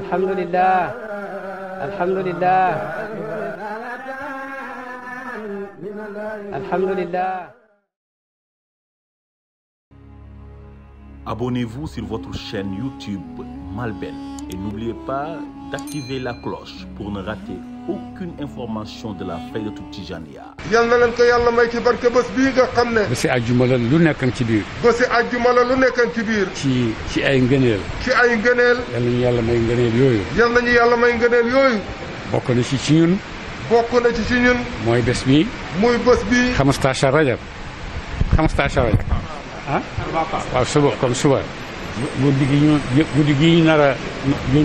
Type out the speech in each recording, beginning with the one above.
alhamdulilah alhamdulilah alhamdulilah. Abonnez-vous sur votre chaîne YouTube Malben et n'oubliez pas d'activer la cloche pour ne rater aucune information la Faydatu Tijaniya. yal na leen ko yàlla may ci barke bés bii nga xam ne. bési àjjuma la lu nekkan ci biir. bési àjjuma la lu nekkan ci biir. ci ci ay ngëneel. ci ay ngëneel. yal nañu yàlla may ngëneel yooyu. yal nañu yàlla may ngëneel yooyu. bokk na ci ci ñun. bokk na ci ci ñun. mooy bés bii. muy bés bii. xamstaasha rajab xamstaasha rajab ah. waaw suba comme suba. guddi gi ñu guddi gi ñu nar a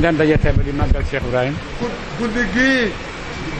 daan dajee Taïba di màggal Cheikh Ibrahima. guddi gii.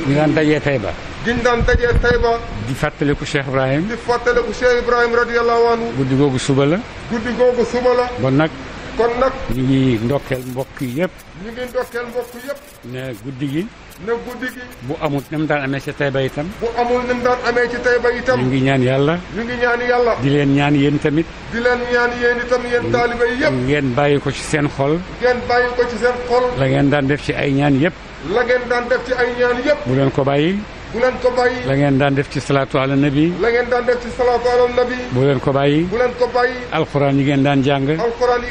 ñu daan dajee Taïba. giñ daan dajee Taïba. di fàttaliku Cheikh Ibrahima. di fàttaliku Cheikh Ibrahima radiyallahu anhu. guddi googu suba la. guddi googu suba la. bon nag. kon nag. ñu ngi ndokkeel mbokk yépp ñu ngi ndokkeel mbokk yëpp. ne guddi gi. ne guddi gi. bu amul ni mu daan amee ci Taïba itam. bu amul ni mu daan amee ci Taïba itam. ñu ngi ñaan yàlla. ñu ngi ñaan yàlla. di leen ñaan yéen tamit. di leen ñaan yéen itam yéen taalibe yëpp. ngeen bàyyi ko ci seen xol. ngeen bàyyi ko ci seen xol. la daan def ci ay ñaan yëpp. la daan def ci ay ñaan yëpp. bu leen ko bàyyi. bu ko bàyyi. la ngeen daan def ci salaatu ala nabi. la leen ko bàyyi. bu ko bàyyi. alxuraan yi ngeen daan jàng. alxuraan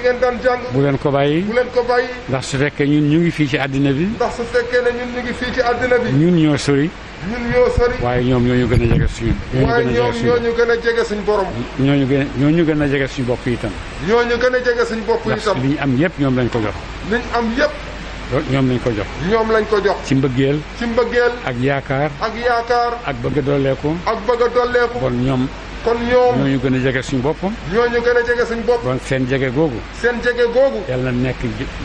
bu leen ko bàyyi. ndax su fekkee ñun ñu ngi fii ci àddina bi. ndax su fekkee ne ñun ñu ngi fii ci àddina bi. ñun ñoo sori. ñun ñoo sori. waaye ñoom ñoo ñu gën a jege suñu. waaye ñoom ñoo ñu gën a jege suñu borom. ñoo ñu gën ñoo ñu gën a jege suñu bopp yi itam. ñoo ñu gën a jege suñu bopp yi itam. ndax li ñu am yëpp ñoom lañ ko jox. li ñu am yëpp ñoom lañ ko jox. ñoom lañ ko jox. ci mbëggeel. ci mbëggeel. ak yaakaar. ak yaakaar. ak bëgg dolleeku. ak bëgg a dolleeku. kon ñoom. kon ñoom ñooñu gën a jege suñu bopp. ñooñu gën a jege suñ bopp. kon seen jege googu. seen jege googu. yal na nekk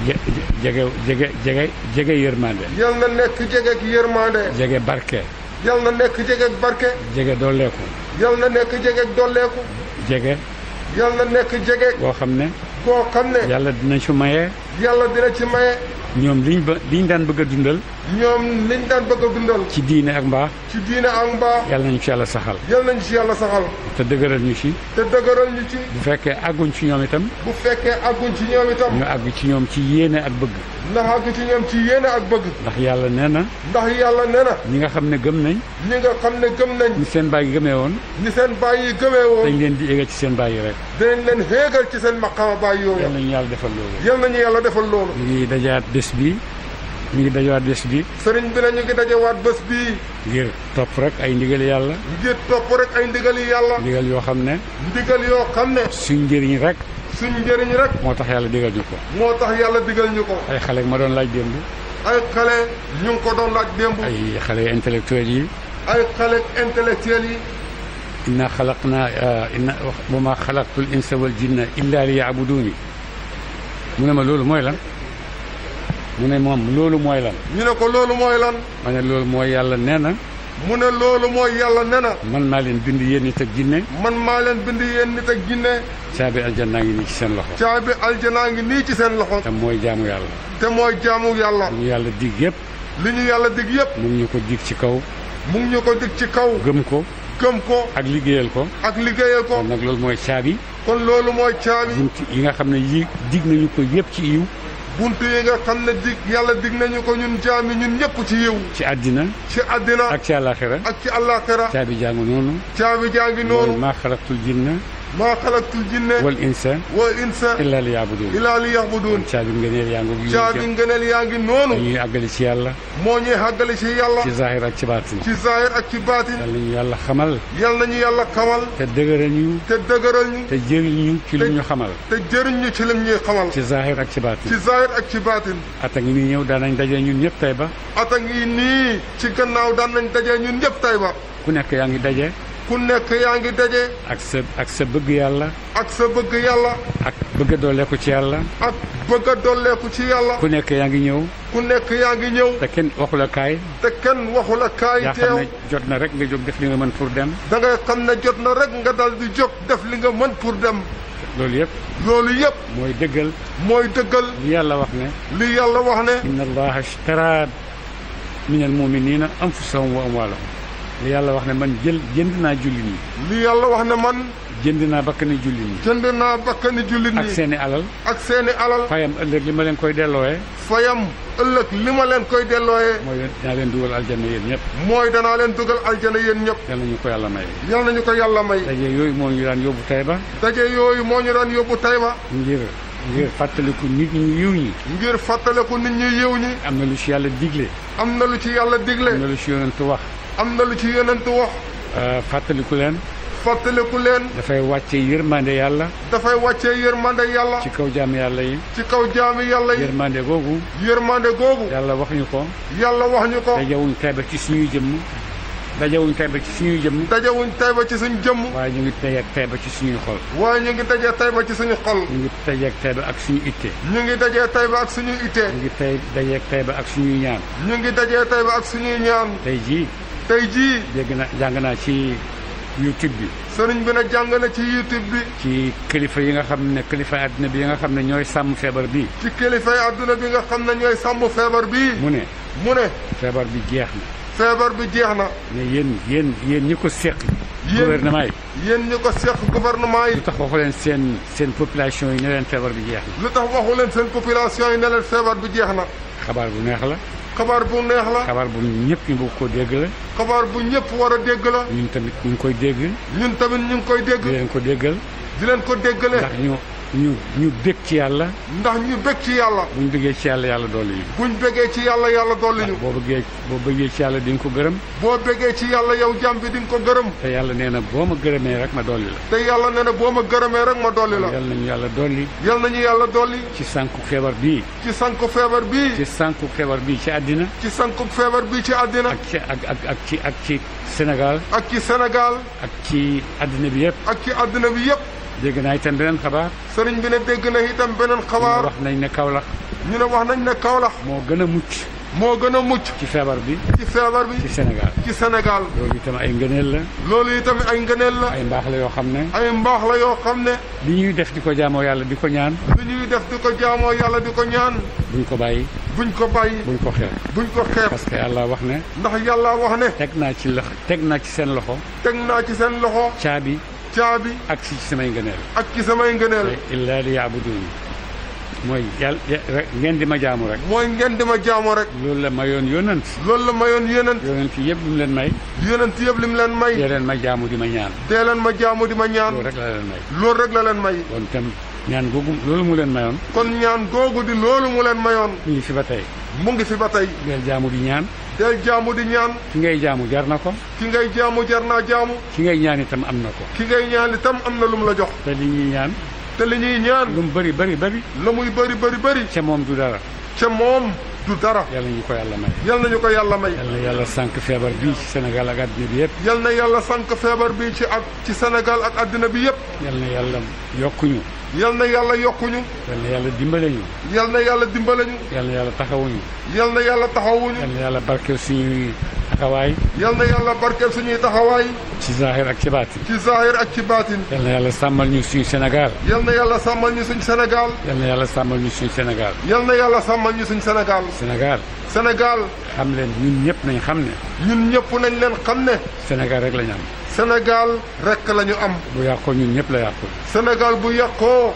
jege jege jege jege yërmande. yal na nekk jege ak yërmande. jege barke. yal na nekk jege ak barke. jege dolleeku. yal na nekk jege ak dolleeku. jege. yal na jege. boo xam ne. boo xam ne. yàlla dina ci maye. yàlla dina ci maye. ñoom liñ ba liñ daan bëgg a dundal. ñoom liñ daan bëgg a dundal. ci diine ak mbaax. ci diine ak mbaax. yàlla nañu ci saxal. yàlla nañu ci yàlla saxal. te dëgërël ñu ci. te dëgëral ñu ci. bu fekkee àgguñ ci ñoom itam. bu fekkee àgguñ ci ñoom itam. ñu àgg ci ñoom ci yéene ak bëgg. ndax àgg ci ñoom ci yéene ak bëgg. ndax yàlla nee na. ndax yàlla nee ñi nga xam ne gëm nañ. ñi nga xam ne gëm nañ. ni seen baay yi gëmee woon. ni seen baay yi gëmee woon. dañ leen di yéegal ci seen baay yi rek. dinañ leen yéegal ci seen maqaama baay yooyu. yal nañu yàlla defal loolu. ñu ngi dajaat bés bi ñu ngi dajawaat bés bi. sëriñ bi na ñu ngi dajawaat bés bi. ngir topp rek ay ndigal yàlla. ngir topp rek ay ndigal yàlla. ndigal yoo xam ne. ndigal yoo xam ne. suñ njëriñ rek. suñ njëriñ rek. moo tax yàlla digal ñu ko. moo tax yàlla digal ñu ko. ay xale ma doon laaj démb. ay xale ñu ngi ko doon laaj démb. ay xale intellectuel yi. ay xale intellectuel yi. inna xalaq naa inna wa ma xalaqtul insa wal jinna illa li yaabuduuni mu ne ma loolu mooy lan mu ne moom loolu mooy lan ñu ne ko loolu mooy lan ma ne loolu mooy yàlla nee na mu ne loolu mooy yàlla nee na man maa leen bind yéen nit ak jinne man maa leen bind yenn nit ak jinne caabi aljanaa ngi nii ci seen loxo caabi aljanaa ngi nii ci seen loxo te mooy jaamu yàlla te mooy jaamu yàlla ñu yàlla dig yëpp li ñu yàlla dig yëpp mu ñu ko dig ci kaw mu ngi ñu ko dig ci kaw gëm ko gëm ko ak liggéeyal ko ak liggéeyal ko kon nag loolu mooy caabi kon loolu mooy caabi. bunt yi nga xam ne yi dig nañu ko yëpp ci yiw. bunt yi nga xam ne dig yàlla digg nañu ko ñun jaami ñun ñëpp ci yiw ci àddina ci àddina ak ci àllaaxira ak ci àllaaxira caabi jaa ngi noonu caabi jaa ngi noonu maa xalaqtul jinna maa xalaqtul jinne wal insa wal insa illaa li yaabuduun illaa li yaabuduun caabi ngëneel yaa ngi caabi ngëneel yaa ngi noonu ñuy àggale ci yàlla moo ñuy àggale ci yàlla ci zaahir ak ci baatin ci zaahir ak ci baatin yal nañu yàlla xamal yal nañu yàlla xamal te dëgëral ñu te dëgëral ñu te jëriñ ñu ci lim ñu xamal te jëriñ ñu ci lim ñuy xamal ci zaahir ak ci baatin ci zaahir ak ci baatin at a ngi nii ñëw daan nañ dajee ñun ñëpp tay ba at a ngi nii ci gannaaw daan nañ daje ñun ñëpp tay ba ku nekk yaa ngi dajee ku nekk yaa ngi daje. ak sa ak sa bëgg yàlla. ak sa bëgg yàlla. ak bëgg a dolleeku ci yàlla. ak bëgg a dolleeku ci yàlla. ku nekk yaa ngi ñëw. ku nekk yaa ngi ñëw. te kenn waxu te kenn waxu la kaay. teew yaa jot na rek nga jóg def li nga mën pour dem. da ngay xam ne jot na rek nga dal di jóg def li nga mën pour dem. loolu yëpp. loolu yëpp. mooy dëggal. mooy dëggal. li yàlla wax ne. li yàlla wax ne. inna allaha ishtara min al muminina anfusahum wa amwalahum li yàlla wax ne man jël jënd naa jullit ñi. li yàlla wax ne man. jënd naa bakkani jullit ñi. jënd naa bakkani jullit ñi. ak seeni alal. ak seeni alal. fayam ëllëg li ma leen koy dellooyee. fayam ëllëg li ma leen koy dellooyee. mooy danaa leen dugal aljana yéen ñëpp. mooy danaa leen dugal aljana yéen ñëpp. yal nañu ko yàlla may. yal nañu ko yàlla may. daje yooyu moo ñu daan yóbbu Taïba. daje yooyu moo ñu daan yóbbu Taïba. ngir. ngir fàttaliku nit yiw ñi. ngir fàttaliku nit ñu yiw ñi. am na lu ci yàlla am na lu ci yàlla digle. am na lu wax. am na lu ci yonent wax. Euh, fàttaliku leen. fàttaliku leen. dafay wàcce yërmande yàlla. dafay wàcce yërmande yàlla. ci kaw jaami yàlla yi. ci kaw jaami yàlla yi. yërmande googu. yërmande googu. yàlla wax ñu ko. yàlla wax ñu ko. dajawuñ tayba ci suñuy jëmm. dajawuñ tayba ci suñuy jëmm. dajawuñ tayba ci suñu jëmm. waaye ñu ngi dajeeg tayba ci suñuy xol. waaye ñu ngi dajeeg tayba ci suñu xol. ñu ngi dajeeg tayba ak suñu ittee. ñu ngi dajeeg tayba ak suñuy ittee. ñu ngi tay dajeeg tayba ak suñuy ñaan. ñu ngi dajeeg tayba ak suñuy ñaan. tey jii tey jii. dégg na jàng naa ci YouTube bi. sëriñ bi nag jàng na ci YouTube bi. ci kilifa yi nga xam ne kilifa àdduna bi yi nga xam ne ñooy sàmm feebar bi. ci kilifa yi adduna bi nga xam ne ñooy sàmm feebar bi. mu ne. mu ne. feebar bi jeex na. feebar bi jeex na. mais yéen yéen yéen ñi ko seq. gouvernement yi yéen ñi ko seq gouvernement yi. lu tax waxu leen seen seen population yi ne leen feebar bi jeex na. lu tax waxu leen seen population yi ne leen feebar jeex na. xabaar bu neex la. xabaar bu neex la. xabaar bu ñëpp ñu bëgg koo dégg la. xabaar bu ñëpp war a dégg la. ñun tamit ñu koy dégg. ñun tamit ñu ngi koy dégg. di leen ko déggal. di leen ko déggale. ndax ñu ñu ñu bég ci yàlla ndax ñu bég ci yàlla buñ bëggee ci yàlla yàlla dolli ñu buñ bëggee ci yàlla yàlla dolli ñu boo bëggee boo bëggee ci yàlla di nga ko gërëm boo bëggee ci yàlla yow jàmm bi di nga ko gërëm te yàlla nee na boo ma gërëmee rek ma dolli la te yàlla nee na boo ma gërëmee rek ma dolli la yal nañu yàlla dolli yal nañu yàlla dolli ci sànku feebar bii ci sànku feebar bii ci sànku feebar bii ci àddina ci sànku feebar bii ci àddina ak ci ak ak ak ci ak ci Sénégal ak ci Sénégal ak ci àddina bi yëpp ak ci àddina bi yëpp dégg naa itam beneen xabaar. sëriñ bi ne dégg na itam beneen xabaar. wax nañ ne Kaolack. ñu ne wax nañ ne Kaolack. moo gën a mucc. moo gën a mucc. ci feebar bi. ci feebar bi ci Sénégal. ci senegal loolu itam ay ngëneel la. loolu itam ay ngëneel la. ay mbaax la yoo xam ne. ay mbaax la yoo xam ne. li ñuy def di ko jaamoo yàlla di ko ñaan. li def di ko jaamoo yàlla di ko ñaan. buñ ko bàyyi. buñ ko bàyyi. buñ ko xeeb. buñ ko xeeb. parce que yàlla wax ne. ndax yàlla wax ne. teg naa ci lax teg naa ci seen loxo. teg naa caabi. ak ci samay ngëneel. ak ci samay ngëneel. illaa li yaabuduun mooy yàlla ngeen di ma jaamu rek. mooy ngeen di ma jaamu rek. loolu la mayoon yonent. loolu la mayoon yonent. yonent yëpp lim leen may. yonent yëpp lim leen may. dee leen ma jaamu di ma ñaan. dee leen ma jaamu di ma ñaan. loolu rek la leen may. loolu rek la leen may. kon tam ñaan googu loolu mu leen mayoon. kon ñaan googu di loolu mu leen mayoon. ñu ngi fi ba tey. mu ngi fi ba tey. del jaamu di ñaan. del jaamu di ñaan. ki ngay jaamu jar na ko. ki ngay jaamu jar naa jaamu. ki ngay ñaani itam am na ko. ki ngay ñaan itam am na lu mu la jox. te li ñuy ñaan. te li ñuy ñaan. lu mu bëri bëri bëri. la muy bëri bëri bëri. ca moom du dara. ca moom. du dara. yal nañu ko yàlla may. yal nañu ko yàlla may. yal na yàlla sànq feebar bii ci Sénégal ak àddina bi yëpp. yal na yàlla sànq feebar bii ci ak ci Sénégal ak àddina bi yëpp. yal na yàlla yokkuñu. yal na yàlla yokkuñu. yal na yàlla dimbale ñu. yal na yàlla dimbale ñu. yal na yàlla taxawuñu. yal na yàlla taxawuñu. yal na yàlla barkeel suñuy taxawaay. yal na yàlla barkeel suñuy taxawaay. ci zahir ak ci baatin. ci zahir ak ci baatin. yal na yàlla sàmmal ñu suñu Sénégal. yal na yàlla sàmmal ñu suñu Sénégal. yal na yàlla sàmmal ñu suñu Sénégal. yal na yàlla sàmmal ñu suñu Sénégal. Sénégal. senegal xam leen ñun ñëpp nañ xam ne. ñun ñëpp nañ leen xam ne. Sénégal rek la am. senegal rek la ñu am. bu yàqoo ñun ñëpp la yàqul. Sénégal bu yàqoo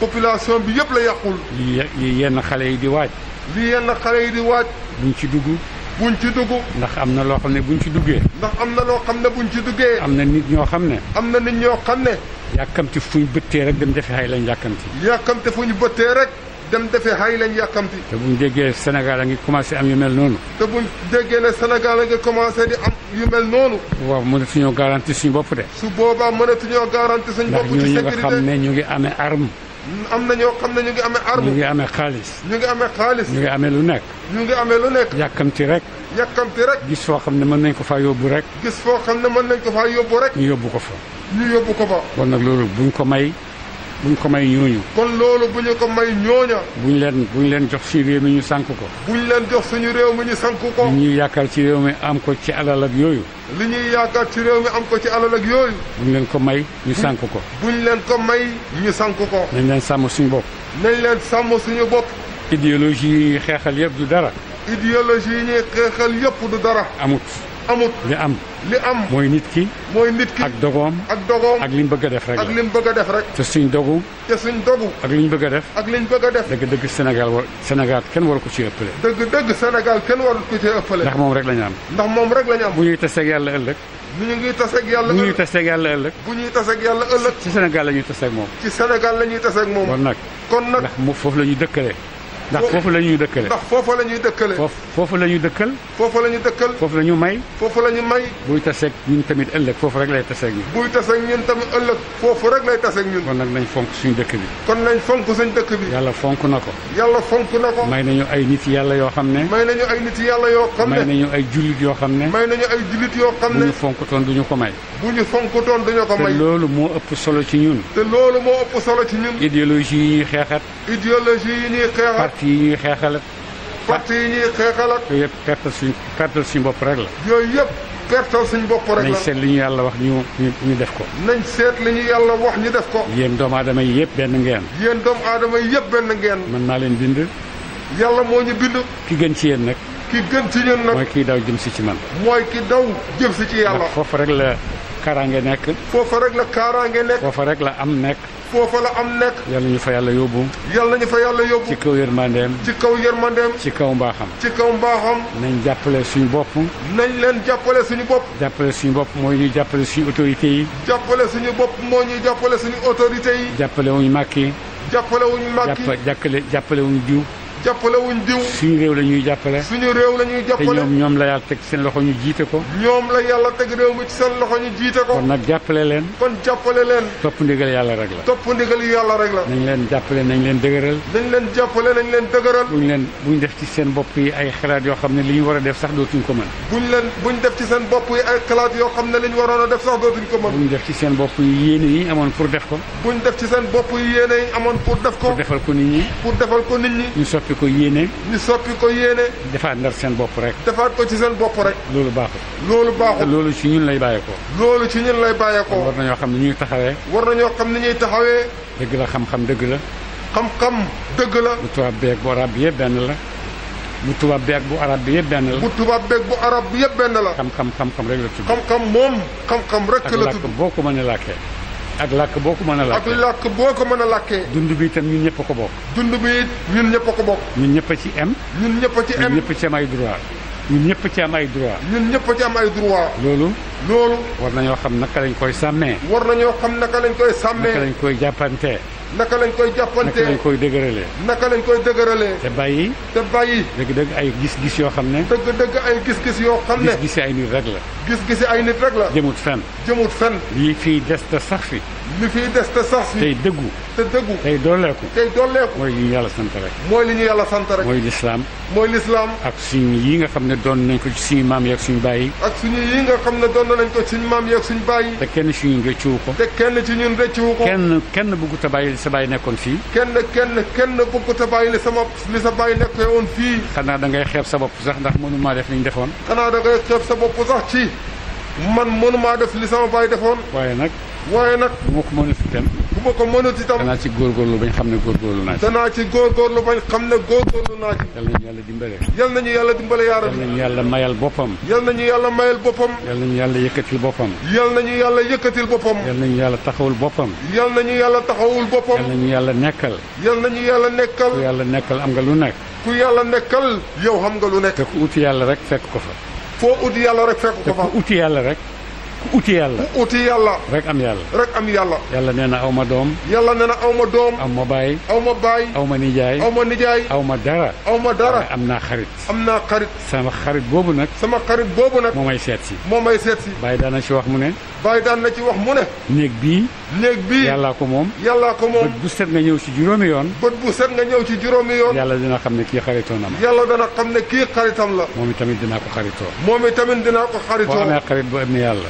population bi yëpp la yàqul. lii lii yenn xale yi di waaj. lii yenn xale yi di waaj. buñ ci dugg. buñ ci dugg. ndax am na loo xam ne buñ ci duggee. ndax am na loo xam ne buñ ci duggee. am na nit ñoo xam ne. am na nit ñoo xam ne. yàkkamti fuñ bëttee rek dem defe ay lañ yàkkamti. yàkkamti fuñ bëttee rek. dem defe xay lañ yàqamti. te buñ déggee Sénégal a ngi commencé am yu mel noonu. te buñ déggee ne Sénégal a ngi commencé di am yu mel noonu. waaw mënatuñoo garanti suñu bopp de. su boobaa mënatuñoo garanti suñu bopp. ci sécurité ndax ñooñu ñu ngi ame arme. am na ñoo xam ne ñu ngi amee arme. ñu ngi amee xaalis. ñu ngi ame xaalis. ñu ngi amee lu nekk. ñu ngi amee lu nekk. yàkkamti rek. yàkkamti rek. gis foo xam ne mën nañ ko faa yóbbu rek. gis foo xam ne mën nañ ko faa yóbbu rek. ñu yóbbu ko fa. ñu yóbbu ko fa. kon nag loolu buñ ko may buñ ko may ñooñu kon loolu bu ñu ko may ñooña buñ leen buñ leen jox suñu réew mi ñu sànk ko buñ leen jox suñu réew mi ñu sànk ko li ñuy yaakaar ci réew mi am ko ci alal ak yooyu li ñuy yaakaar ci réew mi am ko ci alal ak yooyu buñ leen ko may ñu sànk ko buñ leen ko may ñu sànk ko nañ leen sàmm suñu bopp nañ leen sàmm suñu bopp idéologie yi xeexal yëpp du dara idéologie yi ñuy xeexal yëpp du dara amut amut li am li am mooy nit ki mooy nit ki ak dogoom ak dogoom ak li mu bëgg a def rek ak li mu bëgg a def rek te suñ dogu te suñ dogu ak li ñu bëgg a def ak li ñu bëgg a def dëgg dëgg Sénégal wa Sénégal kenn waru ko ci ëppale dëgg dëgg Sénégal kenn waru ko ci ëppale ndax moom rek la ñu am ndax moom rek la am bu ñuy taseeg yàlla ëllëg bu ñu ngi taseeg yàlla bu ñuy taseeg yàlla ëllëg bu ñuy taseeg yàlla ëllëg ci Sénégal la ñuy taseeg moom ci Sénégal la ñuy taseeg moom kon nag kon nag foofu la ñuy dëkkale ndax foofu la ñuy dëkkale ndax foofa la ñuy dëkkale foofu la ñuy dëkkal foofa la ñuy dëkkal foofu la ñu may foofu la ñu may buy taseeg ñun tamit ëllëg foofu rek lay taseeg ñun buy taseeg ñun tamit ëllëg foofu rek lay taseeg ñun kon nag nañ fonk suñu dëkk bi kon nañ fonk suñu dëkk bi yàlla fonk na ko yàlla fonk na ko may nañu ay nit yàlla yoo xam ne may nañu ay nit yàlla yoo xam ne may nañu ay jullit yoo xam ne may nañu ay jullit yoo xam ne bu ñu fonkutoon duñu ko may bu ñu fonkutoon duñu ko may te loolu moo ëpp solo ci ñun te loolu moo ëpp solo ci ñun idéologie yi ñuy xeexat idéologie yi ñuy xeexat parti yi ñuy xeexal ak. parti yi ñuy xeexal ak. yooyu yëpp pertal suñ bopp rek la. yooyu yëpp pertal suñ bopp rek la. nañ seet li ñu yàlla wax ñu ñu def ko. nañ seet li ñu yàlla wax ñu def ko. yéen doomu adama yi yëpp benn ngeen. yéen doomu adama yi yëpp benn ngeen. mën naa leen bind. yàlla moo ñu bind. ki gën ci yéen nag. ki gën ci ñun nag. mooy ki daw jëm si ci man. mooy ki daw jëm ci yàlla. foofu rek la kaaraange nekk. foofu rek la kaaraange nekk. foofu rek la am nekk. foofa la am nekk yal nañu fa yàlla yóbbu yal nañu fa yàlla yóbbu ci kaw yërmandeem ci kaw yërmandeem ci kaw mbaaxam ci kaw mbaaxam nañ jàppale suñu bopp nañ leen jàppale suñu bopp jàppale suñu bopp mooy ñuy jàppale suñu autorité yi jàppale suñu bopp moo ñuy jàppale suñu autorité yi jàppale wuñu màkki jàppale wuñu màkki jàppale jàppale wuñu diw jàppale wuñ diw. suñu réew la ñuy jàppale. suñu la ñuy jàppale te ñoom ñoom la yàlla teg seen loxo ñu jiite ko. ñoom la yàlla teg réew mi ci seen loxo ñu jiite ko. kon nag jàppale leen. kon jàppale leen. topp ndigal yàlla rek la. topp ndigal yàlla rek la. nañ leen jàppale nañ leen dëgëral. nañ leen jàppale nañ leen dëgëral. buñ leen buñ def ci seen bopp yi ay xalaat yoo xam ne li ñu war a def sax dootuñ ko mën. buñ leen buñ def ci seen bopp yi ay xalaat yoo xam ne li ñu waroon a def sax dootuñ ko mën. buñ def ci seen bopp yi yéene ko. buñ def ci seen bopp yi yéene yi amoon pour ko. pour defal ko soppi ko yéene. ñu soppi ko yéene. defaat ndar seen bopp rek. defaat ko ci seen bopp rek. loolu baaxul. loolu baaxul loolu ci ñun lay bàyyeekoo. loolu ci ñun lay bàyyeekoo. war na ñoo xam ni ñuy taxawee. war nañoo xam ni ñuy taxawee. dëgg la xam-xam dëgg la. xam-xam dëgg la. bu tubaab beeg bu arab bi yëpp benn la. bu tubaab beeg bu arab bi yëpp benn bu tubaab beeg bu arab bi yëpp benn la. xam-xam xam-xam rek la tudd. xam-xam moom xam-xam rek la tudd. ak boo ko mënee làkkee ak làkk boo ko mën a làkkee ak làkk boo ko mën a làkkee. dund bi itam ñun ñëpp ko bokk. dund bi ñun ñëpp ko bokk. ñun ñëpp a ci am. ñun ñëpp a ci am ñun ñëpp ci am ay droit. ñun ñëpp ci am ay droit. ñun ñëpp ci am ay droit. loolu. loolu. war ñoo xam naka lañ koy sàmmee. war na nañoo xam naka lañ koy sàmmee. naka lañ koy jàppantee. naka lañ koy jàppante naka lañ koy dëgëralee. naka lañ koy dëgëralee. te bàyyi. te bàyyi. dëgg-dëgg ay gis-gis yoo xam ne. dëgg-dëgg ay gis-gis yoo xam ne. gis-gisi ay nit rek la. gis-gisi ay nit rek la. jëmut fenn. jëmut fenn. lii fii des te sax fi. li fiy des te sax si. tey dëggu. te dëggu tey dolleeku. tey dolleeku mooy li ñu yàlla sant rek. mooy li ñu yàlla sant rek. mooy lislaam. mooy lislaam. ak suñu yi nga xam ne doon nañ ko ci suñu maam yeeg suñu bàyyi. ak suñu yi nga xam ne doon nañ ko suñu maam yeeg suñu bàyyi. te kenn ci ñun rëccuwu ko. te kenn ci ñun rëccuwu ko. kenn kenn bëggut a bàyyi li sa bàyyi nekkoon fii. kenn kenn kenn bëggut a bàyyi li sama li sa bàyyi nekkoon fii. xanaa da ngay xeeb sa bopp sax ndax mënu maa def li ñu defoon. xanaa da ngay xeeb sa bopp sax ci man mënumaa def li sama baay defoon waaye nag waaye nag bu ma ko mënut itam bu ma ko mënut itam danaa ci góorgóorlu bañ xam ne góorgóorlu naa ci danaa ci góorgóorlu bañ xam ne góorgóorlu naa ci yal nañu yàlla dimbale yal nañu yàlla dimbale yaara yal nañu yàlla mayal boppam yal nañu yàlla mayal boppam yal nañu yàlla yëkkatil boppam yal nañu yàlla yëkkatil boppam yal nañu yàlla taxawul boppam yal nañu yàlla taxawul boppam yal nañu yàlla nekkal yal nañu yàlla nekkal ku yàlla nekkal am nga lu nekk ku yàlla nekkal yow xam nga lu nekk te ku uti yàlla rek fekk ko fa foo uti yàlla rek fekk ko fa te ku uti yàlla rek ku uti yàlla ku uti yàlla rek am yàlla rek am yàlla yàlla nee na aw ma doom yàlla nee na aw ma doom aw ma baay aw ma baay aw ma nijaay aw ma nijaay aw ma dara aw ma dara am naa xarit am naa xarit sama xarit boobu nag sama xarit boobu nag moo may seet si moo may seet si baay daana si wax mu ne bàyyi daan na ci wax mu ne. néeg bii. néeg bi yàllaa ko moom. yàllaa ko moom bët bu set nga ñëw ci juróomi yoon. bët bu set ñëw ci juróomi yoon. yàlla dana xam ne kii xaritoon na ma. yàlla dana xam ne kii xaritam la. moom itamit dinaa ko xaritoo. moom itamit dinaa ko xaritoo. boo amee xarit bu am ni yàlla.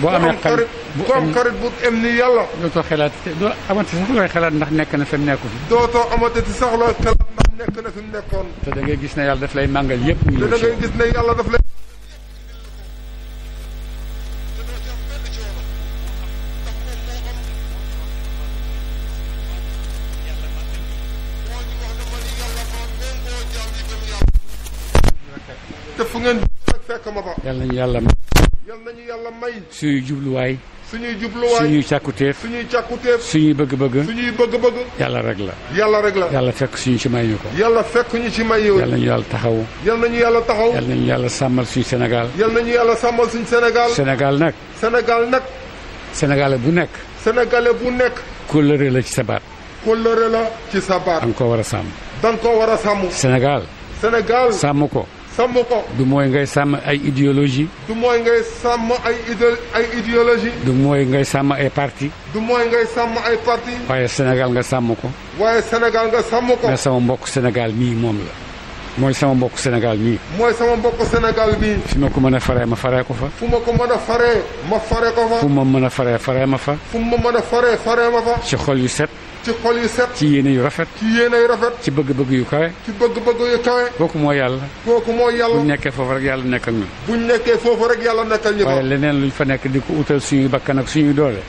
boo amee xarit bu am xarit bu am ni yàlla. dootoo xalaat doo amati sax looy xalaat ndax nekk na fi mu nekkul. dootoo amati sax looy xalaat ndax nekk na fi mu nekkoon. te da ngay gis ne yàlla daf lay màngal yëpp. te da ngay gis ma fa. yal yàlla may. yal nañu yàlla may. suñuy jubluwaay. suñuy jubluwaay suñuy càkkutéef suñuy càkkutéef suñuy bëgg-bëgg suñuy bëgg-bëgg yàlla rek la yàlla rek la yàlla fekk suñu ci may ñu ko yàlla fekk ñu ci may yow yàlla nañu yàlla taxaw yàlla nañu yàlla taxaw yàlla nañu yàlla sàmmal suñu Sénégal yàlla nañu yàlla sàmmal suñu Sénégal Sénégal nag Sénégal nag Sénégalais bu nekk Sénégalais bu nekk kóllëre la ci sa baat kóllëre la ci sa baat da ko war a sàmm da nga ko sàmm ko sàmm ko. du mooy ngay sàmm ay idéologie du mooy ngay sàmm ay idé ay idéologie du mooy ngay sàmm ay parti du mooy ngay sàmm ay parti waaye Sénégal nga sàmm ko. waaye Sénégal nga sàmm ko. mais sama mbokk Sénégal mii moom la. mooy sama mbokk Sénégal mii. mooy sama mbokk Sénégal mii. fi ma ko mën a faree ma faree ko fa. fu ma ko mën a faree ma ma mën a faree faree ma fa. fu ma mën a faree faree ma fa. ci xol yu set. ci xol yu set ci yéene yu rafet ci yéene yu rafet ci bëgg-bëgg yu kawe ci bëgg-bëgg yu kawe kooku mooy yàlla kooku mooy yàlla buñ nekkee foofu rek yàlla nekkal ñu buñ nekkee foofu rek yàlla nekkal ñu waaye leneen luñ fa nekk di ko utal suñuy bakkan ak suñuy doole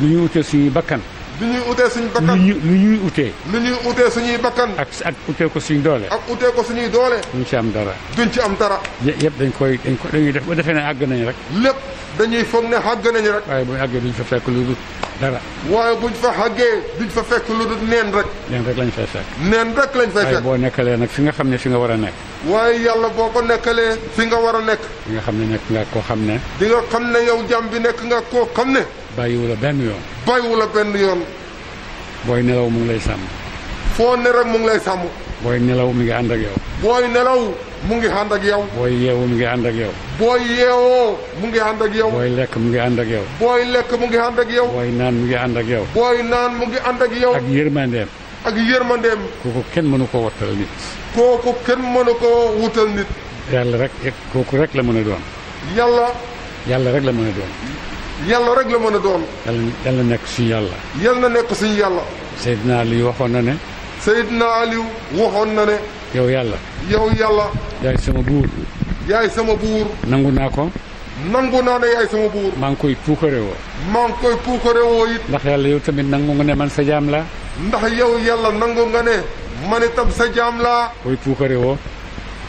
lu ñu utal suñuy bakkan lu ñuy utee suñu bakkan lu ñuy ute lu ñuy utee suñuy bakkan ak ak utee ko suñu doole ak utee ko suñuy doole ñu ci am dara duñ ci am dara yëpp dañ koy dañ ko dañuy def ba defee ne àgg nañ rek lépp dañuy foog ne àgg nañ rek waaye buñ àggee duñ fa fekk lu dul dara waaye buñ fa àggee duñ fa fekk lu dul neen rek neen rek lañ fay fekk neen rek lañ fay fekk boo nekkalee nag fi nga xam ne fi nga war a nekk waaye yàlla boo ko nekkalee fi nga war a nekk di nga xam ne nekk nga koo xam ne di nga xam ne yow jàmm bi nekk nga koo xam ne bàyyiwu la benn yoon. bàyyiwu la benn yoon. booy nelaw mu ngi lay sàmm. foo ne rek mu ngi lay sàmm. booy nelaw mu ngi ànd ak yow. booy nelaw mu ngi ànd ak yow. booy yeewu mu ngi ànd ak yow. booy yeewoo mu ngi ànd ak yow. booy lekk mu ngi ànd ak yow. booy lekk mu ngi ànd ak yow. booy naan mu ngi ànd ak yow. booy naan mu ngi ànd ak yow. ak yërmandeem. ak yërmandeem. kooku kenn mënu koo wattal nit. kooku kenn mënu koo wutal nit. yàlla rek kooku rek la mën a doon. yàlla. yàlla rek la mën a doon. yàlla rek la mën a doon. yàlla yàlla nekk suñu yàlla. yàlla na nekk suñu yàlla. Seydina Aliou waxoon na ne. Seydina Aliou waxoon na ne. yow yàlla. yow yàlla. yaay sama buur. yaay sama buur. nangu naa ko. nangu naa ne yaay sama buur. maa ngi koy puukare woo. maa ngi koy puukare woo it. ndax yàlla yow tamit nangu nga ne man sa jaam la ndax yow yàlla nangu nga ne. man tam sa jaam la koy puukare woo.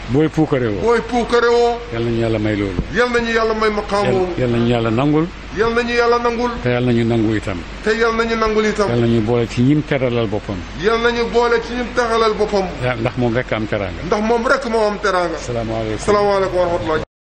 booy puukare woo booy puukare woo yal nañu yàlla may loolu yal nañu yàlla may maqaam woowu yal nañu yàlla nangul yal ñu yàlla nangul te yal nañu nangu itam te yal nañu nangul itam yal nañu boole ci ñim teralal boppam yal ñu boole ci ñim teralal boppam ndax moom rek am teraanga ndax moom rek moo am teraanga salaamaaleykum salaamaaleykum wa rahmatulah